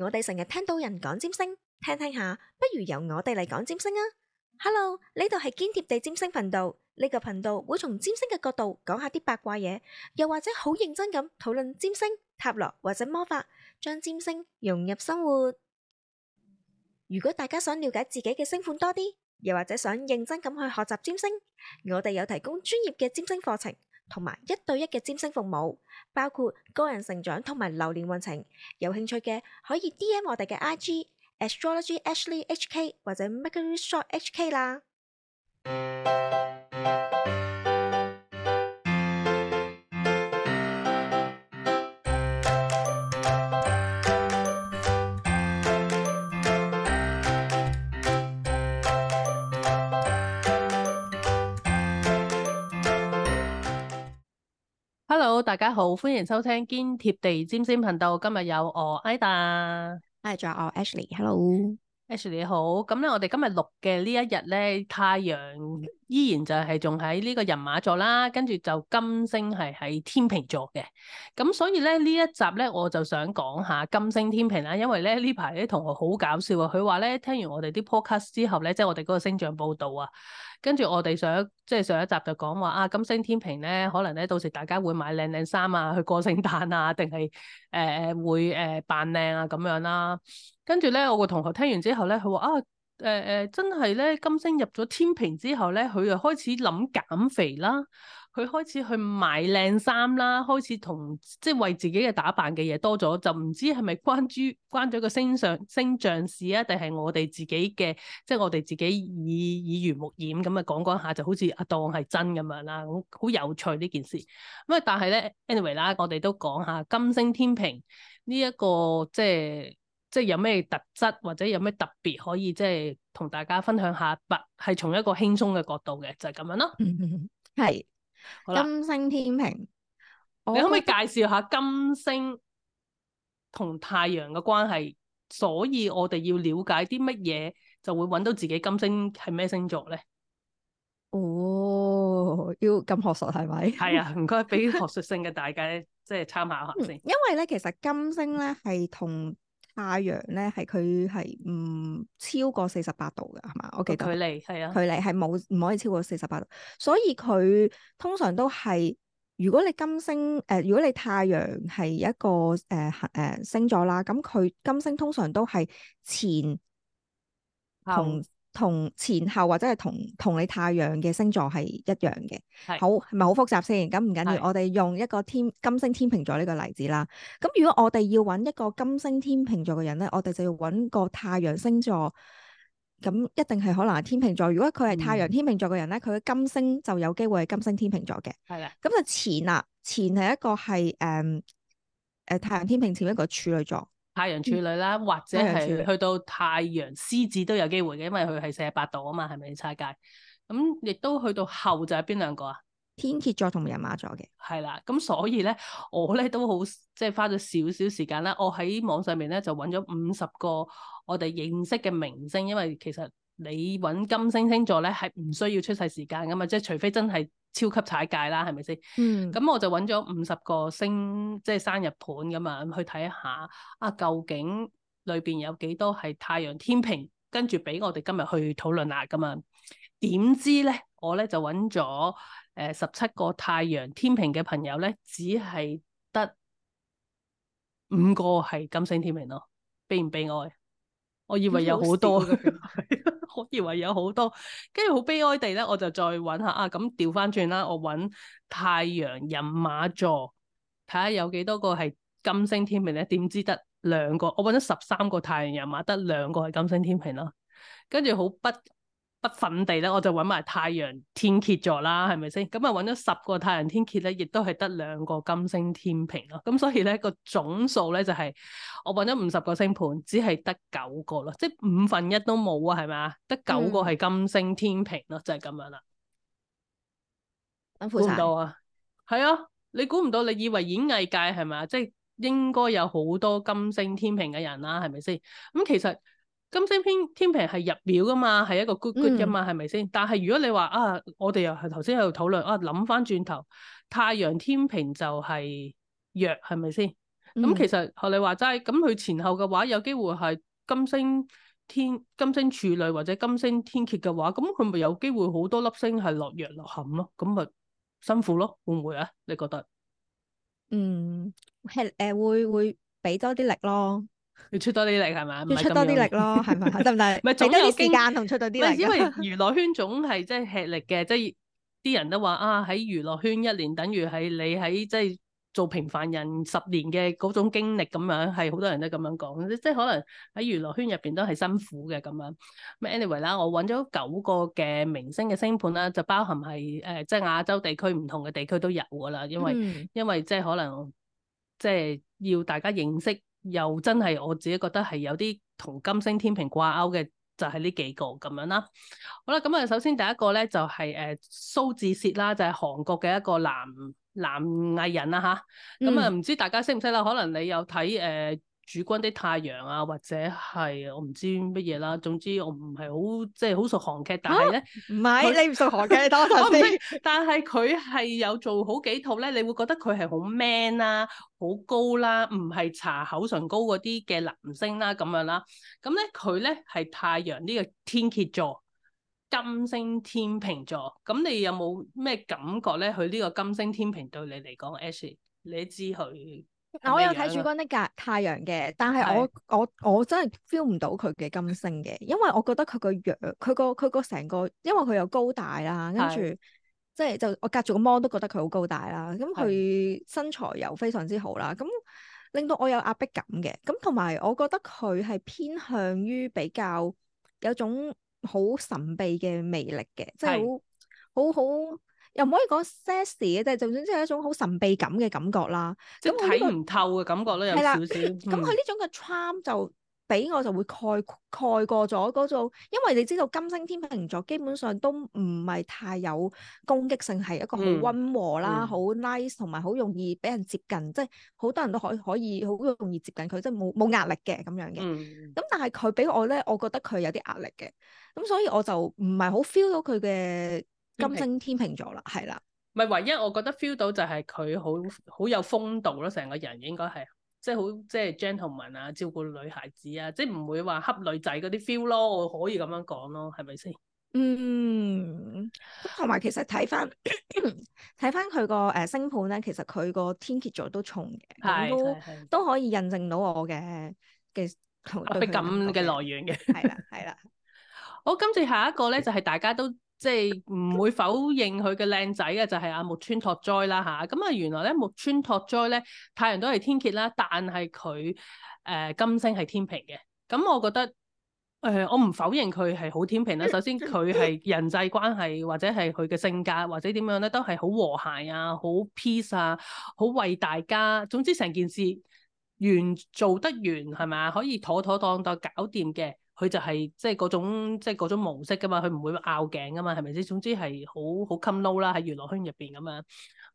我哋成日聽到人講占星，聽聽下，不如由我哋嚟講占星啊！Hello，呢度係堅貼地占星頻道，呢個頻道會從占星嘅角度講下啲八卦嘢，又或者好認真咁討論占星、塔羅或者魔法，將占星融入生活。如果大家想了解自己嘅星盤多啲，又或者想認真咁去學習占星，我哋有提供專業嘅占星課程。同埋一對一嘅占星服務，包括個人成長同埋流年運程。有興趣嘅可以 DM 我哋嘅 IG AstrologyAshleyHK 或者 MercuryShopHK 啦。大家好，歡迎收聽堅貼地占星頻道。今日有我 Ida，係仲有我 Ashley。Hello。Ashley 你好，咁咧我哋今日錄嘅呢一日咧，太陽依然就係仲喺呢個人馬座啦，跟住就金星係喺天秤座嘅，咁所以咧呢一集咧我就想講下金星天秤啦，因為咧呢排啲同學好搞笑啊，佢話咧聽完我哋啲 podcast 之後咧，即係我哋嗰個星象報道啊，跟住我哋上一即係上一集就講話啊金星天秤咧，可能咧到時大家會買靚靚衫啊去過聖誕啊，定係誒會誒、呃、扮靚啊咁樣啦。跟住咧，我個同學聽完之後咧，佢話：啊，誒、呃、誒，真係咧，金星入咗天秤之後咧，佢又開始諗減肥啦，佢開始去買靚衫啦，開始同即係為自己嘅打扮嘅嘢多咗，就唔知係咪關注關咗個星上星象事啊？定係我哋自己嘅，即係我哋自己耳濡目染咁啊講講下就好似阿當係真咁樣啦，好有趣呢件事。咁啊，但係咧，anyway 啦，我哋都講下金星天秤呢一、這個即係。即係有咩特質，或者有咩特別，可以即係同大家分享下，係從一個輕鬆嘅角度嘅就係、是、咁樣咯。係、嗯，好啦吧，金星天秤，你可唔可以介紹下金星同太陽嘅關係？所以我哋要了解啲乜嘢就會揾到自己金星係咩星座咧？哦，要咁學術係咪？係 啊，唔該俾學術性嘅大家即係參考一下先、嗯。因為咧，其實金星咧係同。太陽咧，係佢係唔超過四十八度嘅，係嘛？我記得距離係啊，距離係冇唔可以超過四十八度，所以佢通常都係，如果你金星誒、呃，如果你太陽係一個誒誒、呃呃、星座啦，咁佢金星通常都係前好同。同前後或者係同同你太陽嘅星座係一樣嘅，是好係咪好複雜先。咁唔緊要，是我哋用一個天金星天秤座呢個例子啦。咁如果我哋要揾一個金星天秤座嘅人咧，我哋就要揾個太陽星座。咁一定係可能係天秤座。如果佢係太陽天秤座嘅人咧，佢嘅、嗯、金星就有機會係金星天秤座嘅。係啦的。咁就前啦，前係一個係誒誒太陽天秤前一個處女座。太陽處女啦，嗯、或者係去到太陽獅子都有機會嘅，因為佢係四十八度啊嘛，係咪差界咁？亦都去到後就係邊兩個啊？天蠍座同埋人馬座嘅係啦。咁所以咧，我咧都好即係花咗少少時間啦。我喺網上面咧就揾咗五十個我哋認識嘅明星，因為其實你揾金星星座咧係唔需要出世時間噶嘛，即係除非真係。超級踩界啦，係咪先？咁、嗯、我就揾咗五十個星，即係生日盤咁啊，去睇下啊，究竟裏邊有幾多係太陽天秤，跟住俾我哋今日去討論下噶嘛？點知咧，我咧就揾咗誒十七個太陽天秤嘅朋友咧，只係得五個係金星天秤咯，悲唔悲哀？我以為有好多 我以為有好多，跟住好悲哀地咧，我就再揾下啊，咁調翻轉啦，我揾太陽人馬座，睇下有幾多個係金星天秤咧，點知得兩個，我揾咗十三個太陽人馬得兩個係金星天秤啦。跟住好不。不忿地咧，我就揾埋太陽天蠍座啦，係咪先？咁啊揾咗十個太陽天蠍咧，亦都係得兩個金星天秤咯。咁所以咧個總數咧就係我揾咗五十個星盤，只係得九個咯，即係五分一都冇啊，係咪啊？得九個係金星天秤咯，嗯、就係咁樣啦。估唔到啊，係啊，你估唔到，你以為演藝界係咪啊？即係應該有好多金星天秤嘅人啦，係咪先？咁其實。金星偏天平係入表噶嘛，係一個 good good 噶嘛，係咪先？但係如果你話啊，我哋又係頭先喺度討論啊，諗翻轉頭太陽天平就係弱，係咪先？咁、嗯、其實學你話齋，咁佢前後嘅話有機會係金星天金星處女或者金星天蠍嘅話，咁佢咪有機會好多粒星係落弱落陷咯，咁咪辛苦咯，會唔會啊？你覺得？嗯，係誒、呃，會會俾多啲力咯。要出多啲力係咪，咪出多啲力咯，係咪得唔得？咪總仲有時間同出多啲力。唔係因為娛樂圈總係即係吃力嘅，即係啲人都話啊，喺娛樂圈一年等於係你喺即係做平凡人十年嘅嗰種經歷咁樣，係好多人都咁樣講。即係可能喺娛樂圈入邊都係辛苦嘅咁樣。咁 Anyway 啦，我揾咗九個嘅明星嘅星盤啦，就包含係誒，即係亞洲地區唔同嘅地區都有噶啦。因為因為即係可能即係要大家認識。又真係我自己覺得係有啲同金星天秤掛鈎嘅，就係、是、呢幾個咁樣啦。好啦，咁啊，首先第一個咧就係、是、誒、呃、蘇志燮啦，就係、是、韓國嘅一個男男藝人啦吓，咁啊，唔、嗯嗯、知大家識唔識啦？可能你有睇誒。呃主君啲太陽啊，或者係我唔知乜嘢啦。總之我唔係好即係好熟韓劇，但係咧唔係你唔熟韓劇多咗啲。但係佢係有做好幾套咧，你會覺得佢係好 man 啦、啊，好高啦、啊，唔係搽口唇膏嗰啲嘅男星啦、啊、咁樣啦、啊。咁咧佢咧係太陽呢個天蠍座金星天秤座。咁、嗯、你有冇咩感覺咧？佢呢個金星天秤對你嚟講，Ashley, 你知佢。嗱的，我有睇主君的格太陽嘅，但係我我我真係 feel 唔到佢嘅金星嘅，因為我覺得佢個樣，佢個佢個成個，因為佢又高大啦，的跟住即係就我隔住個 mon 都覺得佢好高大啦，咁、嗯、佢身材又非常之好啦，咁、嗯、令到我有壓迫感嘅，咁同埋我覺得佢係偏向於比較有種好神秘嘅魅力嘅，即係好好好。好好又唔可以講 sexy，但係就算即係一種好神秘感嘅感覺啦，即係睇唔透嘅感覺咧，有少少。咁佢呢種嘅 charm 就俾我就會蓋蓋過咗嗰種，因為你知道金星天平座基本上都唔係太有攻擊性，係一個好溫和啦，好 nice 同埋好容易俾人接近，即係好多人都可可以好容易接近佢，即係冇冇壓力嘅咁樣嘅。咁、嗯嗯、但係佢俾我咧，我覺得佢有啲壓力嘅，咁所以我就唔係好 feel 到佢嘅。金星天秤座啦，係啦，唔係唯一，我覺得 feel 到就係佢好好有風度咯，成個人應該係，即係好即係 gentleman 啊，照顧女孩子啊，即係唔會話恰女仔嗰啲 feel 咯，我可以咁樣講咯，係咪先？嗯，嗯，同埋其實睇翻睇翻佢個誒星盤咧，其實佢個天蠍座都重嘅，咁 都都可以印證到我嘅嘅壓力感嘅來源嘅，係啦係啦。 好，今次下一個咧就係大家都。即係唔會否認佢嘅靚仔嘅就係阿木村拓哉啦吓，咁啊原來咧木村拓哉咧太陽都係天蠍啦，但係佢誒金星係天秤嘅，咁、嗯、我覺得誒、呃、我唔否認佢係好天秤啦。首先佢係人際關係或者係佢嘅性格或者點樣咧都係好和諧啊，好 peace 啊，好為大家。總之成件事完做得完係咪，可以妥妥當當搞掂嘅。佢就係、是、即係嗰種即係嗰種模式噶嘛，佢唔會拗頸噶嘛，係咪先？總之係好好襟撈啦，喺娛樂圈入邊咁樣。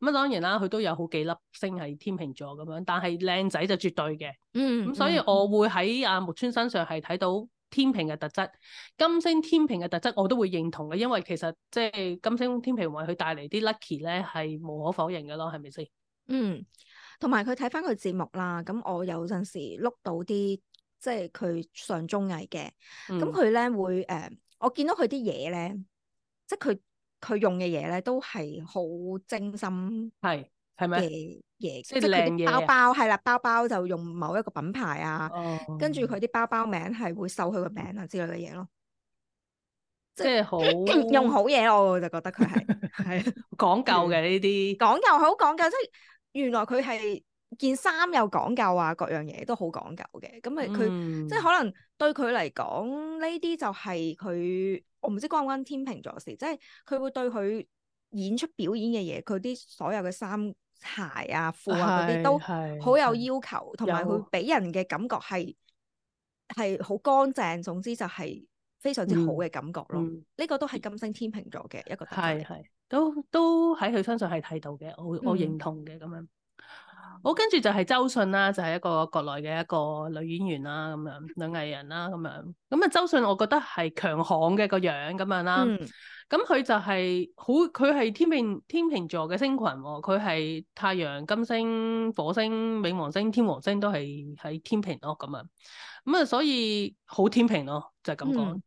咁啊當然啦，佢都有好幾粒星係天秤座咁樣，但係靚仔就絕對嘅。嗯。咁、嗯、所以我會喺阿木川身上係睇到天秤嘅特質，嗯、金星天秤嘅特質我都會認同嘅，因為其實即係金星天秤為佢帶嚟啲 lucky 咧係無可否認嘅咯，係咪先？嗯。同埋佢睇翻佢節目啦，咁我有陣時碌到啲。即係佢上綜藝嘅，咁佢咧會誒、呃，我見到佢啲嘢咧，即係佢佢用嘅嘢咧都係好精心，係係咪嘅嘢？即係靚嘢，包包係啦，包包就用某一個品牌啊，嗯、跟住佢啲包包名係會收佢個名啊之類嘅嘢咯。即係好 用好嘢，我就覺得佢係係講究嘅呢啲，講究好講究，即係原來佢係。件衫又講究啊，各樣嘢都好講究嘅。咁咪佢即係可能對佢嚟講，呢啲就係佢，我唔知關唔關天秤座事。即係佢會對佢演出表演嘅嘢，佢啲所有嘅衫、鞋啊、褲啊嗰啲都好有要求，同埋佢俾人嘅感覺係係好乾淨。總之就係非常之好嘅感覺咯。呢、嗯嗯、個都係金星天秤座嘅一個係係，都都喺佢身上係睇到嘅。我我，我認同嘅咁樣。嗯好，跟住就係周迅啦，就係、是、一個國內嘅一個女演員啦，咁樣女藝人啦，咁樣咁啊。周迅我覺得係強悍嘅個樣咁樣啦，咁佢、嗯、就係好，佢係天秤天秤座嘅星群喎，佢係太陽、金星、火星、冥王星、天王星都係喺天秤咯，咁啊，咁啊，所以好天秤咯，就係咁講。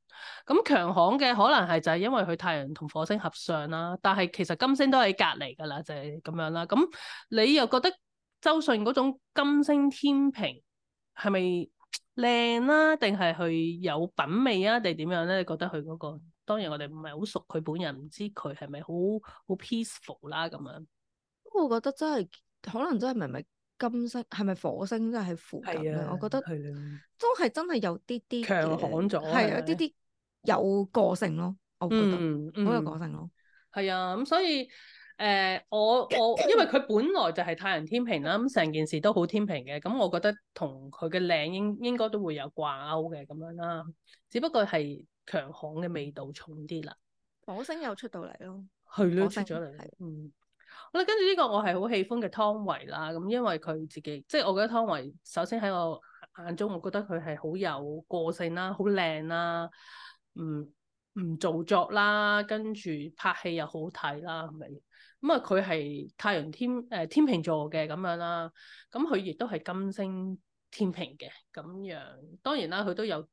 咁強悍嘅可能係就係因為佢太陽同火星合上啦，但係其實金星都喺隔籬㗎喇，就係、是、咁樣啦。咁你又覺得？周迅嗰種金星天秤係咪靚啦？定係佢有品味啊？定點樣咧？你覺得佢嗰、那個當然我哋唔係好熟佢本人，唔知佢係咪好好 peaceful 啦、啊、咁樣。我覺得真係可能真係係咪金星係咪火星真係喺附近、啊啊、我覺得都係真係有啲啲強悍咗，係啊啲啲有個性咯，我覺得好、嗯嗯、有個性咯，係啊咁所以。誒、呃、我我因為佢本來就係太陽天秤啦，咁成件事都好天秤嘅，咁、嗯、我覺得同佢嘅靚應應該都會有掛鈎嘅咁樣啦，只不過係強項嘅味道重啲啦。火星又出到嚟咯，係咯，出咗嚟，嗯，好啦，跟住呢個我係好喜歡嘅湯唯啦，咁因為佢自己即係我覺得湯唯首先喺我眼中，我覺得佢係好有個性啦、啊，好靚啦，嗯。唔做作啦，跟住拍戲又好睇啦，係咪？咁啊，佢係太陽天誒、呃、天秤座嘅咁樣啦，咁佢亦都係金星天秤嘅咁樣。當然啦，佢都有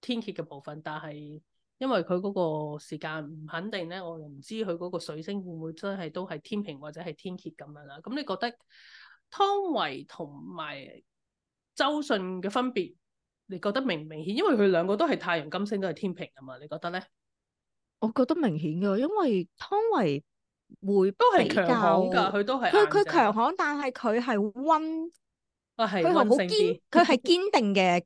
天蠍嘅部分，但係因為佢嗰個時間唔肯定咧，我又唔知佢嗰個水星會唔會真係都係天秤或者係天蠍咁樣啦。咁、嗯、你覺得湯唯同埋周迅嘅分別，你覺得明唔明顯？因為佢兩個都係太陽金星都係天秤啊嘛，你覺得咧？我覺得明顯噶，因為湯唯會比較都係強噶，佢都係佢佢強項，但係佢係溫啊，係佢係好堅，佢係堅定嘅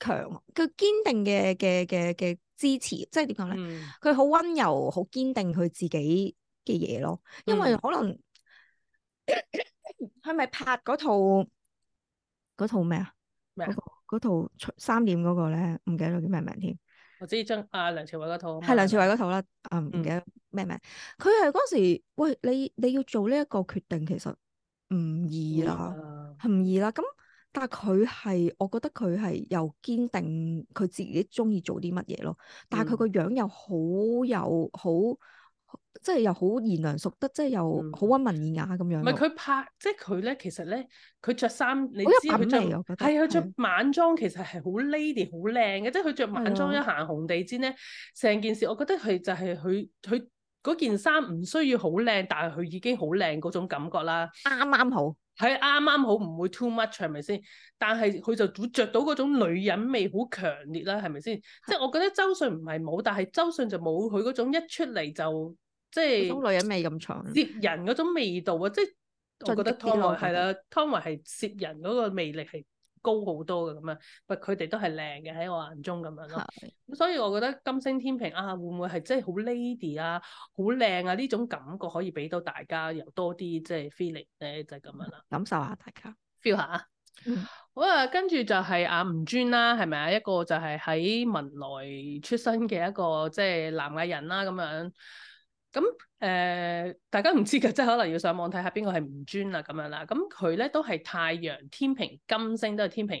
強，佢堅 定嘅嘅嘅嘅支持，即係點講咧？佢好溫柔，好堅定佢自己嘅嘢咯。因為可能佢咪、嗯、 拍嗰套嗰套咩啊？嗰麼、嗰個、套三點嗰個咧，唔記得佢叫咩名添。我知將阿梁朝偉嗰套，係梁朝偉嗰套啦。啊，唔記得咩名？佢係嗰時，喂，你你要做呢一個決定，其實唔易啦，係唔、嗯、易啦。咁但係佢係，我覺得佢係又堅定佢自己中意做啲乜嘢咯。但係佢個樣又好有好。即係又好賢良淑德，即係又好温文爾雅咁樣。唔係佢拍，即係佢咧，其實咧，佢着衫，你知佢著係啊，著晚裝其實係好 lady，好靚嘅。即係佢着晚裝一行紅地氈咧，成的件事我覺得佢就係佢，佢件衫唔需要好靚，但係佢已經好靚嗰種感覺啦。啱啱好係啱啱好，唔會 too much，係咪先？但係佢就會著到嗰種女人味好強烈啦，係咪先？的即係我覺得周迅唔係冇，但係周迅就冇佢嗰種一出嚟就。即係女人味咁重，攝人嗰種味道啊！即係我覺得湯唯係啦，湯唯係攝人嗰個魅力係高好多嘅咁樣，不過佢哋都係靚嘅喺我眼中咁樣咯。咁的所以我覺得金星天平啊，會唔會係即係好 lady 啊，好靚啊？呢種感覺可以俾到大家又多啲即係 feeling 咧，就係咁樣啦。感受下大家 feel 下， 好啊。跟住就係阿吳尊啦，係咪啊？一個就係喺文萊出身嘅一個即係南亞人啦，啊，咁樣。咁誒、呃，大家唔知嘅，即係可能要上網睇下邊個係吳尊啦咁樣啦。咁佢咧都係太陽天秤金星都係天秤，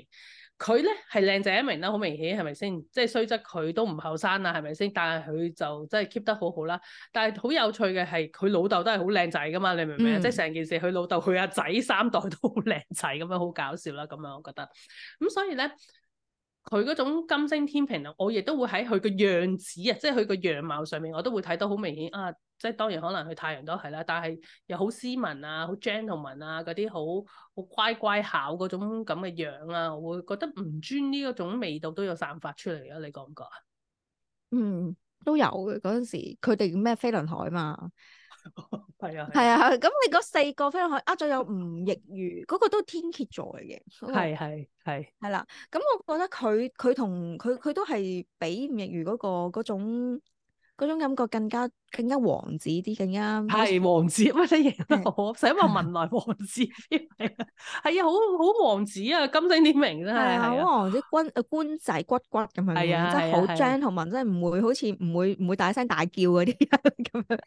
佢咧係靚仔一名啦，好明顯係咪先？即係雖則佢都唔後生啦，係咪先？但係佢就真係 keep 得好好啦。但係好有趣嘅係，佢老豆都係好靚仔㗎嘛，你明唔明？嗯、即係成件事，佢老豆、佢阿仔三代都好靚仔咁樣，好搞笑啦咁樣，我覺得。咁所以咧。佢嗰種金星天秤，我亦都會喺佢個樣子啊，即係佢個樣貌上面，我都會睇到好明顯啊！即係當然可能佢太陽都係啦，但係又好斯文啊，好 gentleman 啊嗰啲好好乖乖巧嗰種咁嘅樣啊，我會覺得吳尊呢一種味道都有散發出嚟啊！你覺唔覺啊？嗯，都有嘅嗰陣時，佢哋咩飛輪海嘛。係啊，係啊，咁你嗰四個非常可，呃咗有吳亦如，嗰個都天蠍座嚟嘅。係係係。係啦，咁我覺得佢佢同佢佢都係比吳亦如嗰個嗰種種感覺更加更加王子啲，更加係王子乜啊！金得好使話文萊王子，係啊好好王子啊！金星點名真係啊，好王子官仔骨骨咁樣，係啊，即係好 gentleman，即係唔會好似唔會唔會大聲大叫嗰啲人咁樣。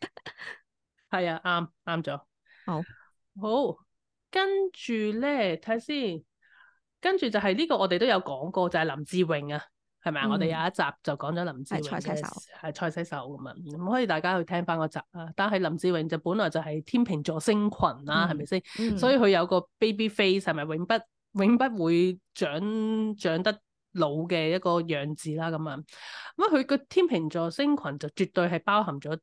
係啊，啱啱咗。好，哦、好，跟住咧睇下先，跟住就係呢個我哋都有講過，就係、是、林志穎啊，係咪啊？嗯、我哋有一集就講咗林志穎嘅，係蔡西手咁啊。咁、嗯、可以大家去聽翻嗰集啊。但係林志穎就本來就係天秤座星群啦、啊，係咪先？嗯嗯、所以佢有個 baby face，係咪永不、永不會長長得老嘅一個樣子啦咁啊。咁啊，佢個天秤座星群就絕對係包含咗。嗯嗯嗯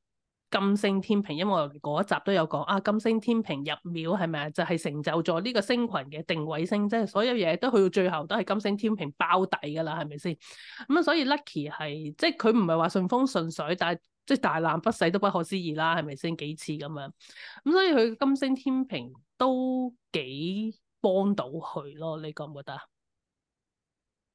金星天秤，因為我嗰一集都有講啊，金星天秤入廟係咪啊？就係成就咗呢個星群嘅定位星，即係所有嘢都去到最後都係金星天秤包底噶啦，係咪先？咁啊，所以 lucky 係，即係佢唔係話順風順水，但係即係大難不死都不可思議啦，係咪先？幾次咁樣，咁所以佢金星天秤都幾幫到佢咯，你覺唔覺得啊？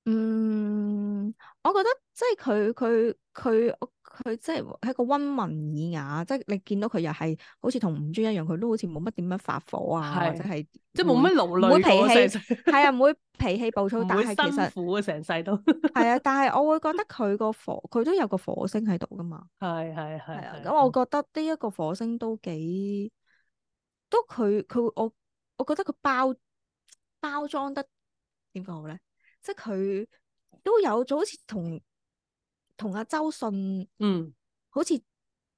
嗯，我覺得即係佢佢佢。佢即係係一個溫文爾雅，即係你見到佢又係好似同吳尊一樣，佢都好似冇乜點樣發火啊，或者係即係冇乜勞累，冇脾氣，係啊，唔會脾氣暴躁，但係其實辛苦啊，成世都係啊，但係我會覺得佢個火，佢都有個火星喺度㗎嘛，係係係，咁我覺得呢一個火星都幾都佢佢我我覺得佢包包裝得點講好咧，即係佢都有咗好似同。同阿周迅，嗯，好似像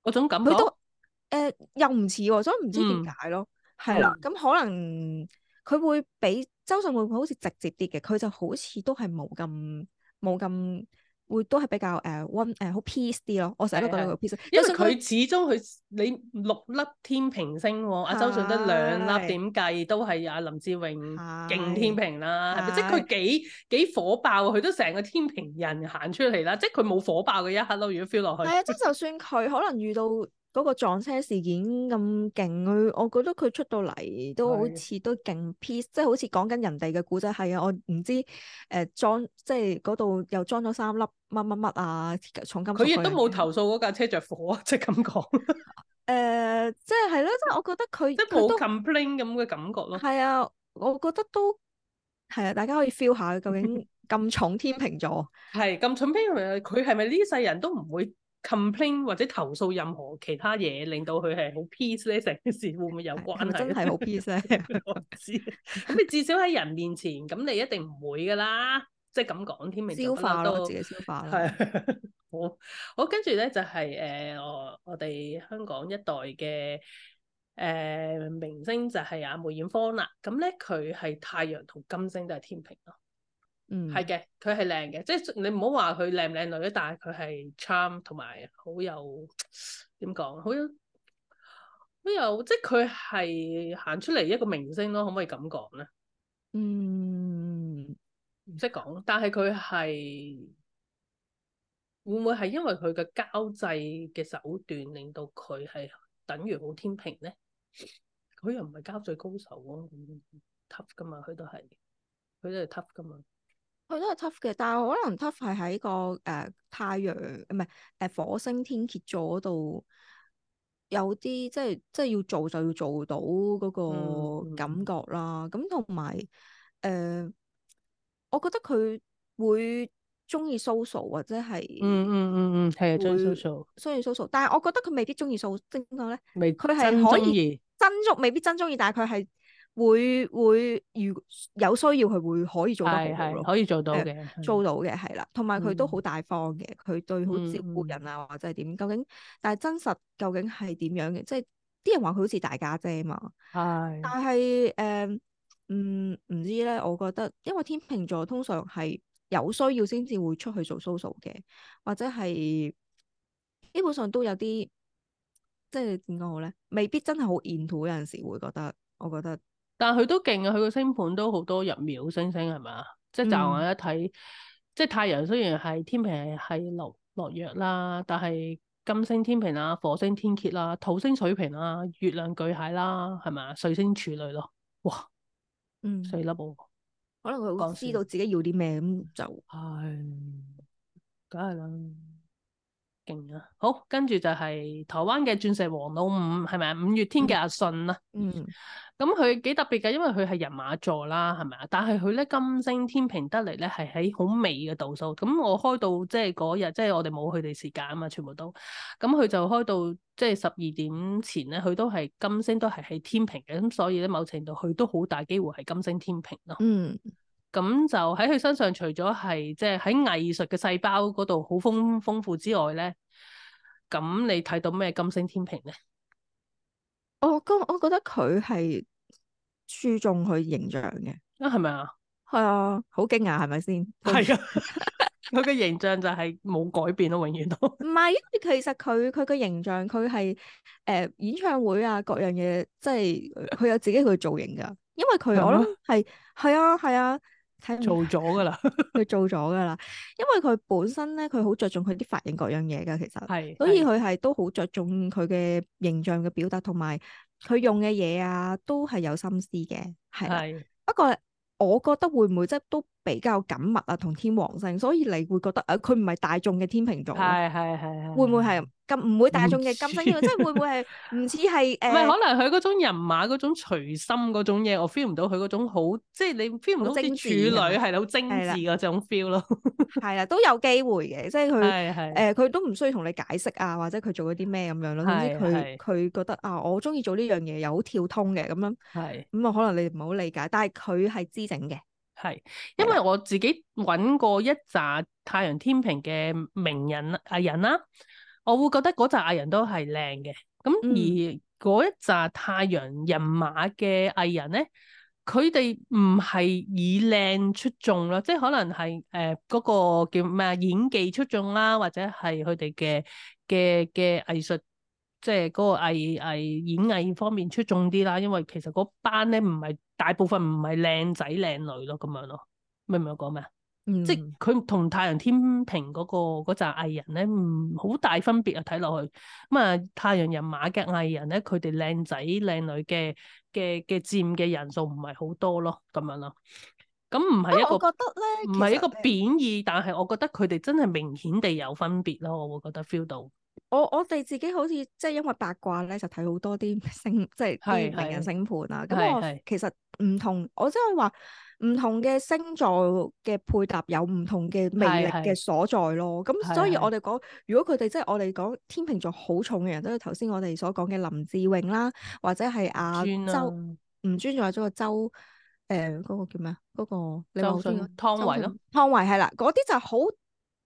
嗰種感覺，佢都誒、呃，又唔似、哦，所以唔知點解咯，係啦，咁可能佢會比周迅會，會好似直接啲嘅，佢就好似都係冇咁冇咁。會都係比較誒溫誒好 peace 啲咯的，我成日都覺得佢好 peace，因為佢他始終佢你六粒天平星，阿周迅得兩粒，點計的都係阿林志穎勁的天平啦，係咪的？即係佢幾幾火爆，佢都成個天平人行出嚟啦，即係佢冇火爆嘅一刻咯，如果 feel 落去。係啊，即係就算佢可能遇到。嗰個撞車事件咁勁，佢我覺得佢出到嚟都好似都勁 peace，的即係好似講緊人哋嘅故仔係啊！我唔知誒、呃、裝，即係嗰度又裝咗三粒乜乜乜啊，重金屬佢亦都冇投訴嗰架車着火，啊， uh, 即係咁講。誒，即係係咯，即係我覺得佢即係冇咁 complain 咁嘅感覺咯。係啊，我覺得都係啊，大家可以 feel 下佢究竟咁重天秤座。係咁重天秤座，佢係咪呢世人都唔會？Complain 或者投訴任何其他嘢，令到佢係好 peace 咧，成件事會唔會有關係？是是真係好 peace 咧， 我唔知道。咁 你至少喺人面前，咁你一定唔會㗎啦，即係咁講添。天都消化咯，自己消化咯。係。 好，好，跟住咧就係、是、誒、呃，我哋香港一代嘅誒、呃、明星就係阿、啊、梅艷芳啦。咁咧佢係太陽同金星都係天秤咯。嗯，係嘅，佢係靚嘅，即係你唔好話佢靚唔靚女，但係佢係 charm 同埋好有，點講？好有好有，即係佢係行出嚟一個明星咯，可唔可以咁講咧？嗯，唔識講，但係佢係會唔會係因為佢嘅交際嘅手段令到佢係等於好天平咧？佢又唔係交際高手咯，啊，咁 tough 噶嘛，佢都係佢都係 tough 噶嘛。佢都係 tough 嘅，但係可能 tough 係喺個誒太陽唔係誒火星天蠍座嗰度有啲即係即係要做就要做到嗰個感覺啦。咁同埋誒，我覺得佢會中意 social 或者係嗯嗯嗯嗯係啊中意 social，中意 social。但係我覺得佢未必中意 social，點講咧？佢係可以真中未必真中意，但係佢係。會會，如有需要佢會可以做得好好，可以做到嘅，呃、做到嘅係啦。同埋佢都好大方嘅，佢對好照顧人啊、嗯、或者係點，究竟但係真實究竟係點樣嘅？即係啲人話佢好似大家姐嘛，係的。但係誒、呃，嗯，唔知咧，我覺得因為天秤座通常係有需要先至會出去做 social 嘅，或者係基本上都有啲，即係點講好咧？未必真係好 into 有陣時會覺得，我覺得。但佢都勁啊！佢個星盤都好多入廟星星，係咪，嗯？即係驟眼一睇，即係太陽雖然係天秤係落落弱啦，但係金星天秤啊，火星天蠍啦，土星水瓶啊，月亮巨蟹啦，係咪？水星處女咯，哇！嗯，四粒喎，啊，可能佢會知道自己要啲咩咁就係，梗係啦。嗯好，跟住就係台灣嘅鑽石王老五，係咪啊？五月天嘅阿信啦。嗯。咁佢幾特別嘅，因為佢係人馬座啦，係咪啊？但係佢咧金星天秤得嚟咧，係喺好微嘅度數。咁我開到即係嗰日，即係我哋冇佢哋時間啊嘛，全部都。咁佢就開到即係十二點前咧，佢都係金星都係喺天秤嘅。咁所以咧，某程度佢都好大機會係金星天秤咯。嗯。咁就喺佢身上除，除咗係即係喺藝術嘅細胞嗰度好豐豐富之外咧，咁你睇到咩金星天秤咧？我咁我覺得佢係注重佢形象嘅，啊係咪啊？係啊，好驚訝係咪先？係 是啊，佢 嘅形象就係冇改變咯，啊，永遠都唔係。其實佢佢嘅形象佢係誒演唱會啊各樣嘢，即係佢有自己去造型㗎，因為佢嗎我諗係係啊係啊。 做咗噶啦，佢做咗噶啦，因為佢本身咧，佢好着重佢啲髮型各樣嘢噶，其實係，所以佢係都好着重佢嘅形象嘅表達，同埋佢用嘅嘢啊，都係有心思嘅，係。係是。不過我覺得會唔會即係都比較緊密啊，同天王星，所以你會覺得啊，佢唔係大眾嘅天秤座，係係係，會唔會係？咁唔會大眾嘅金星即係會唔會係唔似係誒？唔係，可能佢嗰種人馬嗰種隨心嗰種嘢，我 feel 唔到佢嗰種好，即係你 feel 唔到好似處女係好精緻嗰種 feel 咯。係啦，都有機會嘅，即係佢誒，佢都唔需要同你解釋啊，或者佢做咗啲咩咁樣咯。總之佢佢覺得啊，我中意做呢樣嘢又好跳通嘅咁樣。係咁啊，可能你唔好理解，但係佢係知整嘅。係因為我自己揾過一紮太陽天秤嘅名人藝人啦。我會覺得嗰紮藝人都係靚嘅，咁而嗰一紮太陽人馬嘅藝人咧，佢哋唔係以靚出眾咯，即係可能係誒嗰個叫咩啊，演技出眾啦，或者係佢哋嘅嘅嘅藝術，即係嗰個藝藝演藝方面出眾啲啦。因為其實嗰班咧唔係大部分唔係靚仔靚女咯，咁樣咯，明唔明我講咩啊？嗯、即係佢同太陽天秤嗰個嗰陣藝人咧，唔、嗯、好大分別啊！睇落去咁啊，太陽人馬嘅藝人咧，佢哋靚仔靚女嘅嘅嘅佔嘅人數唔係好多咯，咁樣咯。咁唔係一個，我覺得咧，唔係一個貶義，實但係我覺得佢哋真係明顯地有分別咯，我會覺得 feel 到。我我哋自己好似即係因為八卦咧，就睇好多啲星，即係啲名人星盤啊。咁啊是，其實唔同，我即係話。唔同嘅星座嘅配搭有唔同嘅魅力嘅所在咯，咁是是 所以我哋講，如果佢哋即係我哋講天秤座好重嘅人都，頭先我哋所講嘅林志穎啦，或者係阿周，吳尊仲有咗個周，誒、呃、嗰、那個叫咩、那個、啊？嗰個李好春湯唯咯，湯唯係啦，嗰啲就好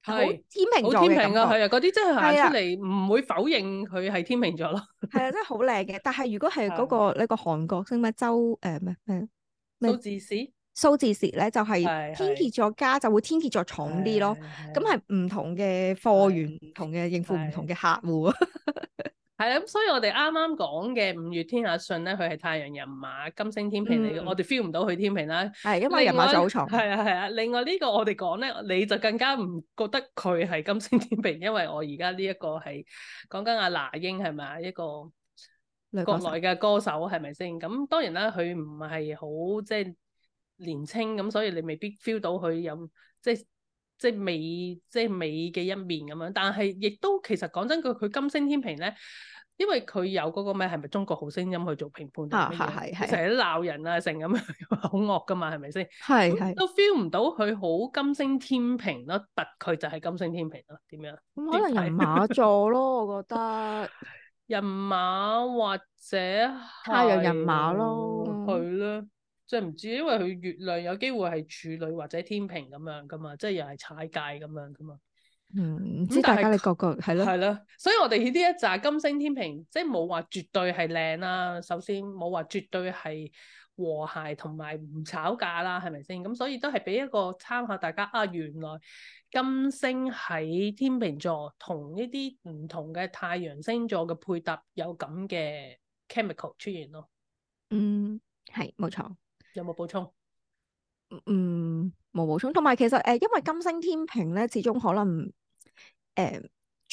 好天秤座，天秤啊，係啊，嗰啲真係行出啊，嚟唔會否認佢係天秤座咯，係 啊，真係好靚嘅。但係如果係嗰、那個呢、那個韓國姓咩周誒咩咩蘇志燮呃數字時咧就係天蠍座家是就會天蠍座重啲咯，咁係唔同嘅貨源，唔是同嘅應付唔同嘅客戶，係 啊，咁所以我哋啱啱講嘅五月天阿信咧，佢係太陽人馬金星天秤嚟嘅。嗯、我哋 feel 唔到佢天秤啦。係因為人馬就好重。係啊係啊，另外呢個我哋講咧，你就更加唔覺得佢係金星天秤，因為我而家呢一個係講緊阿那英係咪一個國內嘅歌手係咪先？咁當然啦，佢唔係好即係。年青咁，所以你未必 feel 到佢有即係即係美即係美嘅一面咁樣。但係亦都其實講真句，佢金星天秤咧，因為佢有嗰個咩係咪中國好聲音去做評判啊？係係係成日鬧人啊，成咁樣好惡噶嘛，係咪先？係係等都 feel 唔到佢好金星天秤咯，但佢就係金星天秤咯，點樣？咁可能人馬座咯， 我覺得人馬或者太陽人馬咯，係咯。即係唔知，因為佢月亮有機會係處女或者天秤咁樣噶嘛，即係又係踩界咁樣噶嘛。嗯，唔知是大家你覺唔覺係咯，係咯。所以我哋呢一紮金星天秤，即係冇話絕對係靚啦，首先冇話絕對係和諧同埋唔炒價啦，係咪先？咁所以都係俾一個參考，大家啊，原來金星喺天秤座同呢啲唔同嘅太陽星座嘅配搭有咁嘅 chemical 出現咯。嗯，係冇錯。有冇補充？嗯，冇補充。同埋其實誒、呃，因為金星天秤咧，始終可能誒。呃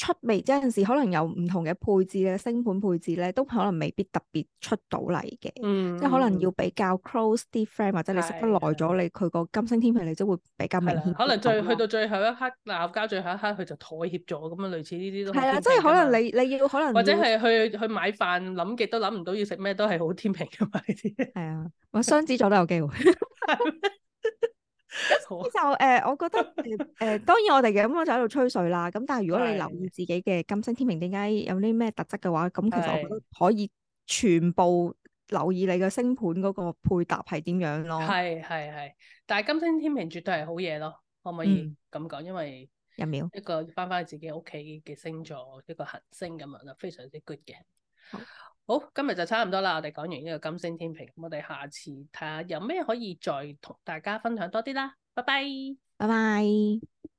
出未？即陣時可能有唔同嘅配置咧，星盤配置咧都可能未必特別出到嚟嘅，嗯、即係可能要比較 close 啲 friend，或者你識得耐咗，的你佢個金星天秤你都會比較明顯。可能最去到最後一刻鬧交，最後一刻佢就妥協咗，咁啊，類似呢啲都係。啊，即係可能你你要可能要或者係去去買飯，諗極都諗唔到要食咩，都係好天秤嘅嘛呢啲。係啊的，我 雙子座都有機會。 就誒、 呃，我覺得誒、呃，當然我哋嘅咁樣就喺度吹水啦。咁但係如果你留意自己嘅金星天秤點解有啲咩特質嘅話，咁是其實我覺得可以全部留意你嘅星盤嗰個配搭係點樣咯。係係係，但係金星天秤絕對係好嘢咯。可唔可以咁講？嗯、因為入廟一個翻翻去自己屋企嘅星座、這個、星一個行星咁樣就非常之 good 嘅。好，今日就差唔多啦，我哋講完呢個金星天秤，我哋下次睇下有咩可以再同大家分享多啲啦，拜拜，拜拜。